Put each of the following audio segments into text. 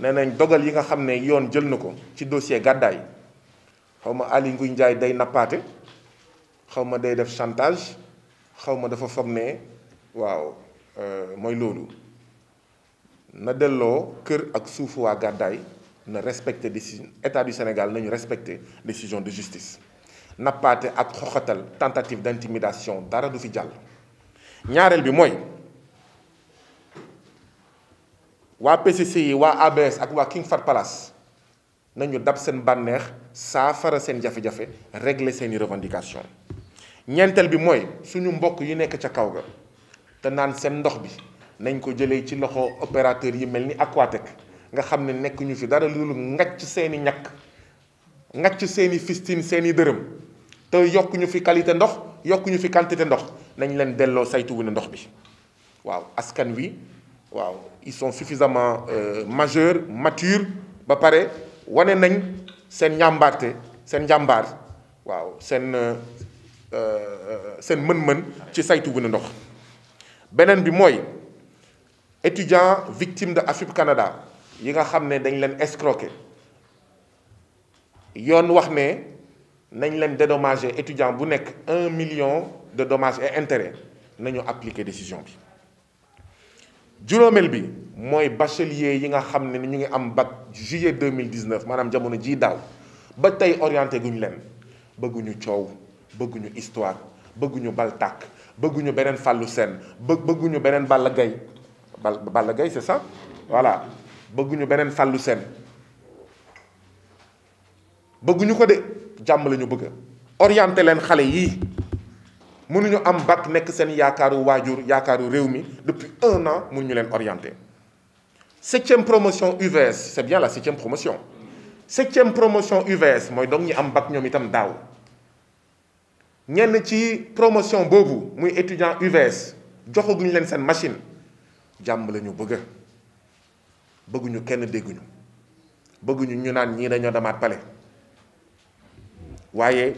nee nañ dogal yi nga xam ne yoon jël na ko ci dossier gàddaay xaw ma Aly Ngouille Ndiaye day nappaate xaw ma day def chantage xaw ma dafa foog ne waaw euh, mooy loolu na delloo kër ak suufu waa gàddaay na respecté décision état du Sénégal nañu respecté décision de justice nappaate ak xoxatal tentative d'intimidation dara du fi jàll ñaareel bi mooy waa PCC yi waa ABS ak waa King Fahd Palace nañu dab seen bànneex saafara seen jafe-jafe régler seeni revendication ñeenteel bi mooy suñu mbokk yi nekk ca kaw ga te naan seen ndox bi nañ ko jëlee ci loxo opérateur yi mel ni Aquatec nga xam ne nekk ñu fi dara loolu ngacc seeni ñàkk ngacc seeni fistine seeni dërëm te yokk ñu fi qualité ndox yokk ñu fi quantité ndox nañ leen delloo saytu ne ndox bi waaw askan wi waaw ils sont suffisamment euh, majeurs matures ba paré wane nañ sen ñambarté, sen njàmbaar waaw euh, euh sen mën-mën ci saytu bu ndox Benen bi moy étudiant victime de Afrique Canada yi nga xamné dañ leen escroquer yoon wax né nañ leen dédommager étudiant bu nek un million de dommages et intérêts nañu appliquer décision bi juróomeel bi mooy bachelier yi nga xam ne ni ñu ngi am bac juillet 2019 maanaam jamono jii daaw ba tey orienté guñu leen bëgguñu coow bëgguñu histoire bëgguñu bal tàkk bëgguñu beneen fàllu seen bëgg bëgguñu beneen Balla Gaye bal Balla Gaye c'est voilà bëgguñu beneen fàllu seen bëgguñu ko de jàmm la ñu bëgg orienté leen xale yii mënuñu am bac nek seen yaakaaru wajur yaakaaru depuis un an mon leen orienté septième promotion UVS c'est bien la septième promotion septième promotion UVS moi donc avons un bac ñoom itam daaw promotion Nous muy étudiant UVS joxaguñu leen seen machine nous la nous. bëgg bëgguñu kenn dégguñu nous ñu naan Nous avons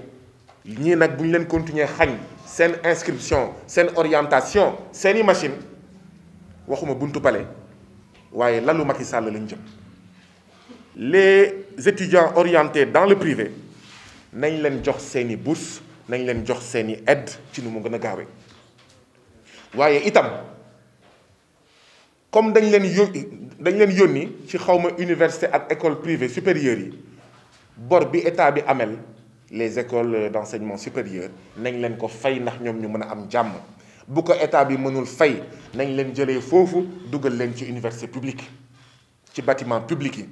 Nous leen continuer hani sen inscription sen orientation sen machine waxuma buntu pale Waye lalu Macky Sall lañ jëm les étudiants orientés dans le privé nañ leen jox seni bourse nañ leen jox seni aide ci nu mo gëna gawé. Waye itam comme dañ leen yoni dañ leen yoni ci xawma université ak école privée supérieure yi bor bi état bi amel les écoles d'enseignement supérieur nañ leen ko fay ndax ñoom ñu mën a am jàmm bu ko état bi fay université publique bâtiment public